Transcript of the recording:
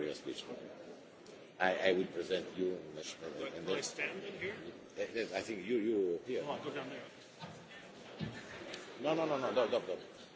Victoria speech. I, I will present you much better. Do, and do then, I stand in here? Yes, eh, eh, I think you you here. No, I go down there. No, no, no, no, no, no, no.